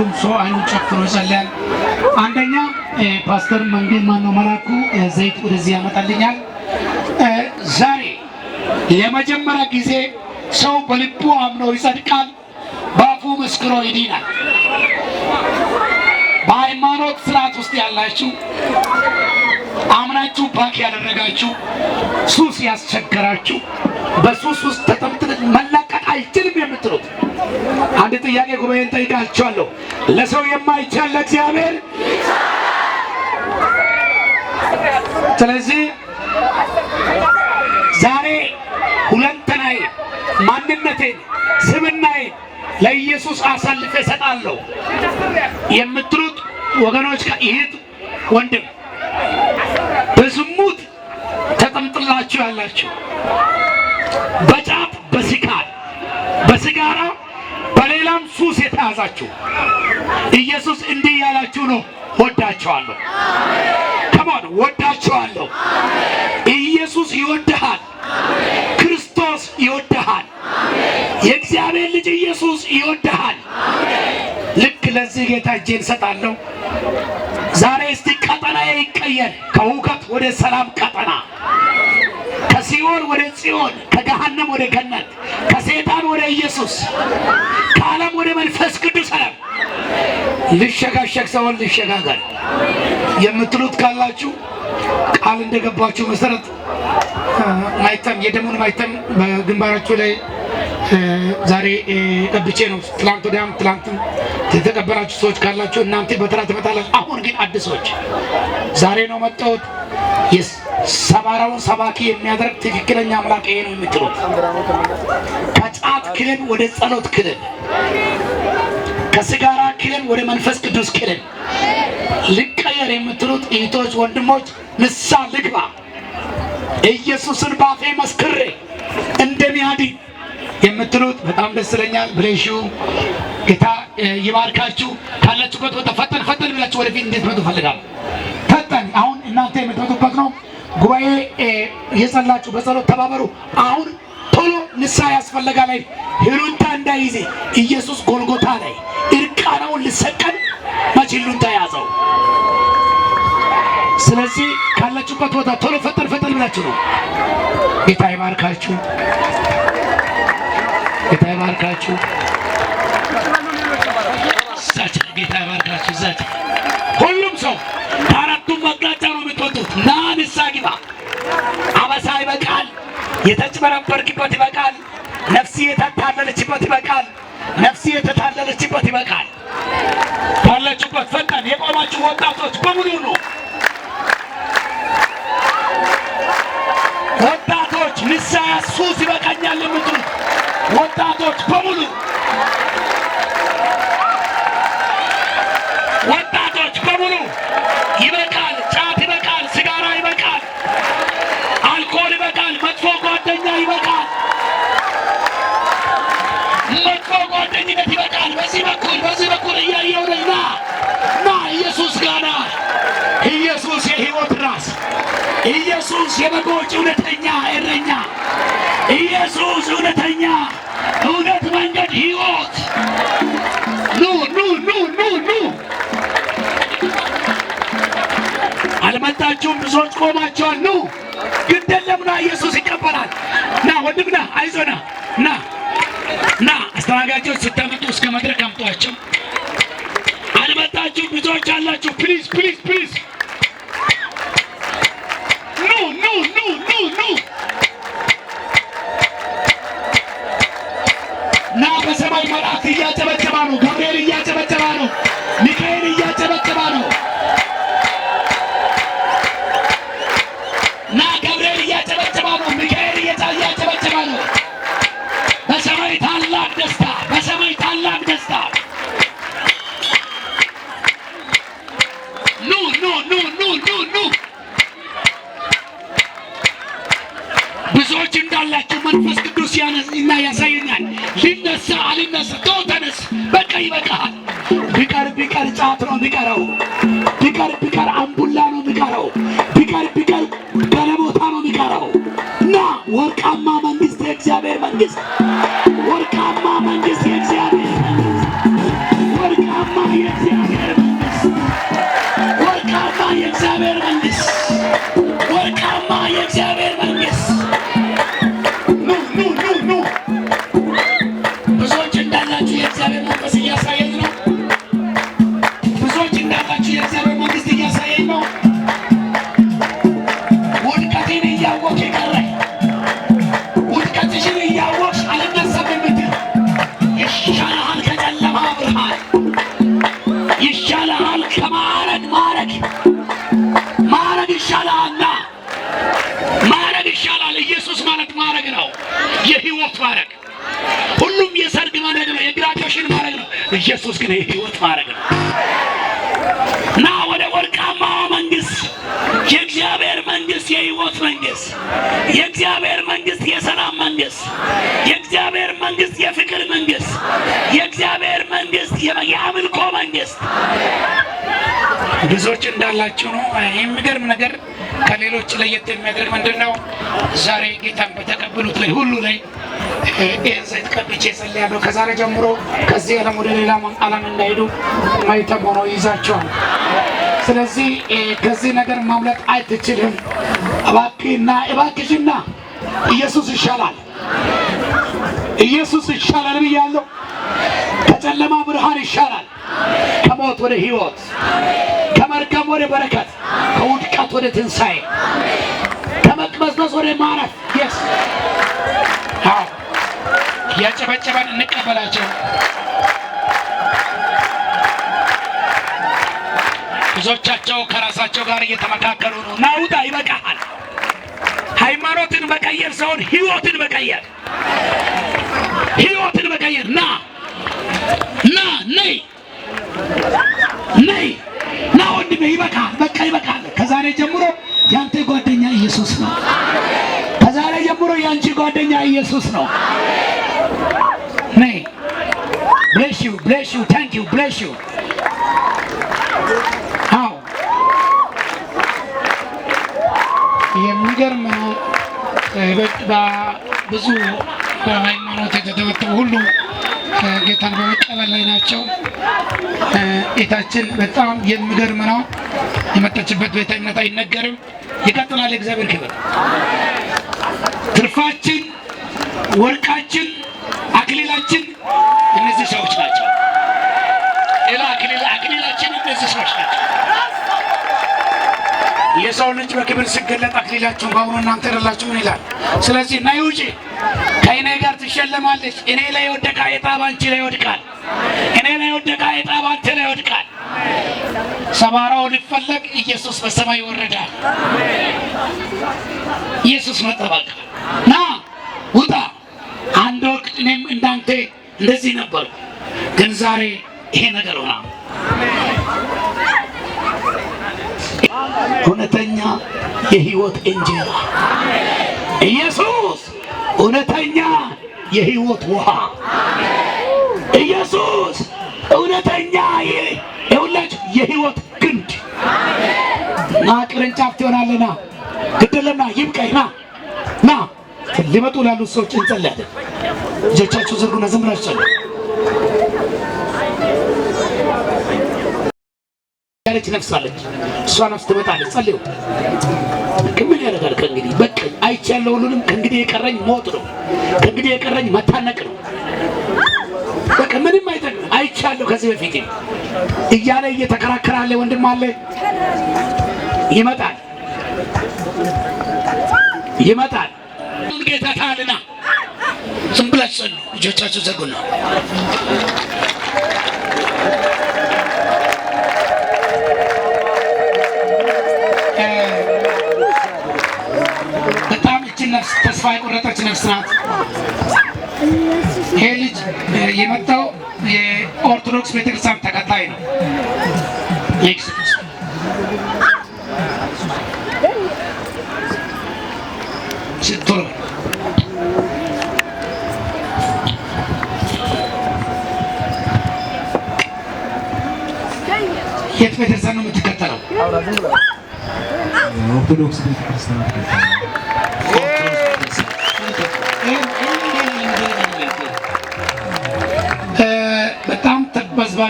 ሁሉም ሰው አይኑ ጨፍኖ ይጸልያል። አንደኛ ፓስተር መንጌ ማነው መላኩ ዘይት ወደዚህ ያመጣልኛል። ዛሬ የመጀመሪያ ጊዜ ሰው በልቡ አምኖ ይጸድቃል፣ በአፉ መስክሮ ይድናል። በሃይማኖት ስርዓት ውስጥ ያላችሁ አምናችሁ ባክ ያደረጋችሁ ሱስ ያስቸገራችሁ በሱስ ውስጥ ተጠምጥጥ መላክ አይችልም የምትሉት አንድ ጥያቄ ጉባኤን ጠይቃችኋለሁ። ለሰው የማይቻል ለእግዚአብሔር ስለዚህ ዛሬ ሁለንተናዬ ማንነቴን ስብናዬ ለኢየሱስ አሳልፌ እሰጣለሁ የምትሉት ወገኖች ይህት ወንድም በዝሙት ተጠምጥላችሁ ያላችሁ በጫት በስካር በሲጋራ በሌላም ሱስ የተያዛችሁ ኢየሱስ እንዲህ ያላችሁ ነው፣ ወዳችኋለሁ። ከማን ወዳችኋለሁ? ኢየሱስ ይወድሃል። ክርስቶስ ይወድሃል። የእግዚአብሔር ልጅ ኢየሱስ ይወድሃል። ልክ ለዚህ ጌታ እጄን ሰጣለሁ። ዛሬ እስቲ ቀጠና ይቀየር ከሁከት ወደ ሰላም ቀጠና ከሲኦል ወደ ጽዮን፣ ከገሃነም ወደ ገነት፣ ከሰይጣን ወደ ኢየሱስ፣ ከዓለም ወደ መንፈስ ቅዱስ ዓለም ልሸጋሸግ ሰውን ልሸጋገር የምትሉት ካላችሁ ቃል እንደገባችሁ መሰረት ማይተም የደሙን ማይተም በግንባራችሁ ላይ ዛሬ ቀብቼ ነው። ትላንት ወዲያም ትላንት የተቀበራችሁ ሰዎች ካላችሁ እናንተ በተራ ትመጣላችሁ። አሁን ግን አዲሶች ዛሬ ነው መጣሁት። ሰባራውን ሰባኪ የሚያደርግ ትክክለኛ አምላክ ይሄ ነው የምትሉት። ከጫት ክልል ወደ ጸሎት ክልል፣ ከስጋራ ክልል ወደ መንፈስ ቅዱስ ክልል ልቀየር የምትሉት እህቶች፣ ወንድሞች ንሳ ልግባ ኢየሱስን ባፌ መስክሬ እንደሚያድን የምትሉት በጣም ደስ ይለኛል። ብሌሹ ጌታ ይባርካችሁ። ካላችሁበት ቦታ ፈጠን ፈጠን ብላችሁ ወደፊት እንድትመጡ ፈልጋለሁ። ፈጠን አሁን እናንተ የምትመጡበት ነው። ጉባኤ የጸላችሁ በጸሎት ተባበሩ። አሁን ቶሎ ንስሐ ላይ ሂሉንታ እንዳይዜ ኢየሱስ ጎልጎታ ላይ እርቃናውን ልሰቀል መች ያዘው። ስለዚህ ካላችሁበት ቦታ ቶሎ ፈጠን ፈጠን ብላችሁ ነው። ጌታ ይባርካችሁ። ጌታ ይባርካችሁ። እሳችን ጌታ ይባርካችሁ። እዛች ሁሉም ሰው በአራቱም መቅጣጫ ነው የምትወጡት። ና ግባ። አበሳ ይበቃል። የተጭበረበርክበት ይበቃል። ነፍስ የተታለለችበት ይበቃል። ነፍሲ የተታለለችበት ይበቃል። ባለችበት ፈጠን የቆማችሁ ወጣቶች በሙሉ ነው በኩል በዚህ በኩል በዚህ በኩል እያየው ና ና ኢየሱስ ጋና ኢየሱስ የሕይወት ራስ ኢየሱስ የበጎች እውነተኛ እረኛ ኢየሱስ እውነተኛ እውነት መንገድ ህይወት ኑ ኑ ኑ ኑ ኑ አልመጣችሁም ብዙዎች ቆማቸዋል ኑ ግድ የለም ና ኢየሱስ ይቀበላል ና ወንድምና አይዞና ና ና አስተናጋጅ ቢቀር ቢቀር ገለቦታ ነው የሚቀረው እና ወርቃማ መንግስት የእግዚአብሔር መንግስት ከማረግ ማረግ ማዕረግ ይሻላልና ማዕረግ ይሻላል። ኢየሱስ ማለት ማረግ ነው። የህይወት ማረግ። ሁሉም የሰርግ ማረግ ነው፣ የግራጁዌሽን ማረግ ነው። ኢየሱስ ግን የህይወት ማረግ ነው ና ወደ ወርቃማ የእግዚአብሔር መንግስት የህይወት መንግስት፣ የእግዚአብሔር መንግስት የሰላም መንግስት፣ የእግዚአብሔር መንግስት የፍቅር መንግስት፣ የእግዚአብሔር መንግስት የአምልኮ መንግስት ብዙዎች እንዳላችሁ ነው። የሚገርም ነገር ከሌሎች ለየት የሚያደርግ ምንድን ነው? ዛሬ ጌታን በተቀበሉት ላይ ሁሉ ላይ ይህን ዘይት ቀብቼ ጸልያለሁ። ከዛሬ ጀምሮ ከዚህ ዓለም ወደ ሌላ ዓለም እንዳይሄዱ ማኅተም ሆኖ ይዛቸዋል። ስለዚህ ከዚህ ነገር ማምለጥ አይትችልም። እባክህና እባክሽና ኢየሱስ ይሻላል፣ ኢየሱስ ይሻላል ብያለሁ። ከጨለማ ብርሃን ይሻላል፣ ከሞት ወደ ህይወት ከመርገም ወደ በረከት፣ ከውድቀት ወደ ትንሣኤ፣ ከመቅበዝበዝ ወደ ማረፍ የስ ያጨበጨበን እንቀበላቸው። ብዙዎቻቸው ከራሳቸው ጋር እየተመካከሉ ነው። ናውጣ ይበቃሃል። ሃይማኖትን መቀየር ሳይሆን ህይወትን መቀየር ህይወትን መቀየር። ና ና ነይ ነይ ና ወንድሜ፣ ይበቃል። በቃ ይበቃል። ከዛሬ ጀምሮ ያንተ ጓደኛ ኢየሱስ ነው። ከዛሬ ጀምሮ ያንቺ ጓደኛ ኢየሱስ ነው። ነይ ብሌሽ ዩ ብሌሽ ዩ ታንክ ዩ ብሌሽ ዩ የሚገርም ብዙ በሃይማኖት የተተበተቡ ሁሉ ጌታን በመቀበል ላይ ናቸው። ቤታችን በጣም የሚገርም ነው። የመጣችበት ቤተ እምነት አይነገርም። ይቀጥላል። የእግዚአብሔር ክብር ትርፋችን፣ ወርቃችን፣ አክሊላችን እነዚህ ሰዎች ናቸው። ሌላ አክሊላችን እነዚህ ሰዎች ናቸው። የሰው ልጅ በክብር ሲገለጥ አክሊላችሁን በአሁኑ እናንተ ደላችሁ ምን ይላል? ስለዚህ ነይ ውጪ፣ ከእኔ ጋር ትሸለማለች። እኔ ላይ የወደቀ ዕጣ ባንቺ ላይ ይወድቃል። እኔ ላይ የወደቀ ዕጣ ባንተ ላይ ይወድቃል። ሰባራው ሊፈለግ ኢየሱስ በሰማይ ይወረዳል። ኢየሱስ መጠበቅ ና ውጣ። አንድ ወቅት እኔም እንዳንተ እንደዚህ ነበርኩ፣ ግን ዛሬ ይሄ ነገር ሆና እውነተኛ የህይወት እንጀራ ኢየሱስ፣ እውነተኛ የህይወት ውሃ ኢየሱስ፣ እውነተኛ የሁላች የህይወት ግንድ ና ቅርንጫፍ ትሆናለና ግድለና ይብቀይ ና ና ሊመጡ ላሉ ሰዎች እንጸልያለን። እጆቻችሁ ዘርጉና ዝምራችሁ ጸልዩ። የሆነች ነፍስ አለች። እሷ ነፍስ ትመጣለች። ጸልዩ። ምን ያደርጋል? ከእንግዲህ በቃ ያለው ሁሉንም። ከእንግዲህ የቀረኝ ሞት ነው። ከእንግዲህ የቀረኝ መታነቅ ነው። በቃ ምንም አይጠቅም። ያለው ከዚህ በፊት እያለ እየተከራከራለ ወንድም አለ ይመጣል ይመጣል ጌታ ታልና ዝም ብላችሁ ጸሉ። ልጆቻችሁ ዘጉና ተስፋ የቆረጠች ነፍስ ናት። ይሄ ልጅ የመጣው የኦርቶዶክስ ቤተክርስቲያን ተከታይ ነው። የት ቤተክርስቲያን ነው የምትከተለው? ኦርቶዶክስ ቤተክርስቲያን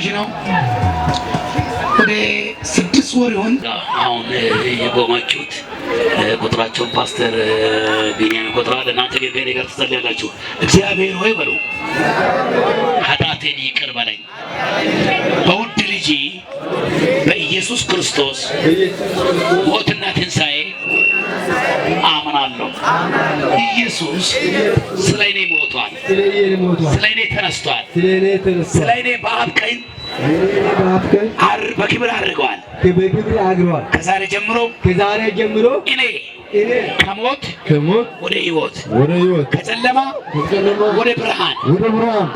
ታናሽ ነው። ወደ ስድስት ወር ይሆን አሁን የቆማችሁት ቁጥራቸውን ፓስተር ቢኒያም ይቆጥራል። እናንተ ግን ከእኔ ጋር ትጸልያላችሁ። እግዚአብሔር ሆይ በሉ ኃጢአቴን ይቅር በለኝ በውድ ልጅ በኢየሱስ ክርስቶስ ሞትና ትንሣኤ አምናለሁ። ኢየሱስ ስለ እኔ ሞቷል፣ ስለ እኔ ተነስቷል፣ ስለ እኔ በአብ ቀኝ በክብር አድርገዋል። ከዛሬ ጀምሮ ከዛሬ ጀምሮ እኔ ከሞት ወደ ሕይወት ከጨለማ ወደ ብርሃን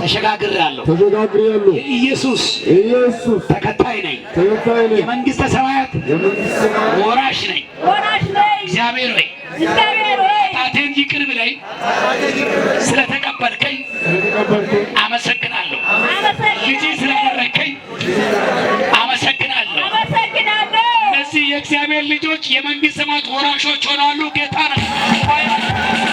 ተሸጋግሬያለሁ። ኢየሱስ ተከታይ ነኝ። የመንግሥተ ሰማያት ወራሽ ነኝ። እግዚአብሔር ሆይ ኃጢአቴን ይቅር ብለኝ ስለተቀበልከኝ አመሰግናለሁ። ልጅ ስላደረከኝ አመሰግናለሁ። እነዚህ የእግዚአብሔር ልጆች የመንግስት ሰማያት ወራሾች ሆነዋሉ። ጌታ ነው።